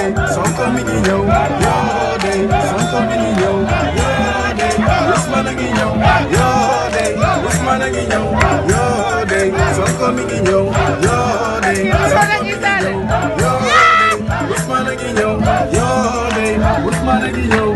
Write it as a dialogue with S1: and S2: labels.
S1: day, some in yo, your day, some comedy, yo, your day, this man again, yo, your day, this man again, yo, your
S2: day, some comedy, yo, your day, some comedy, yo, your day,
S3: this man again, yo, your day, this man again, yo.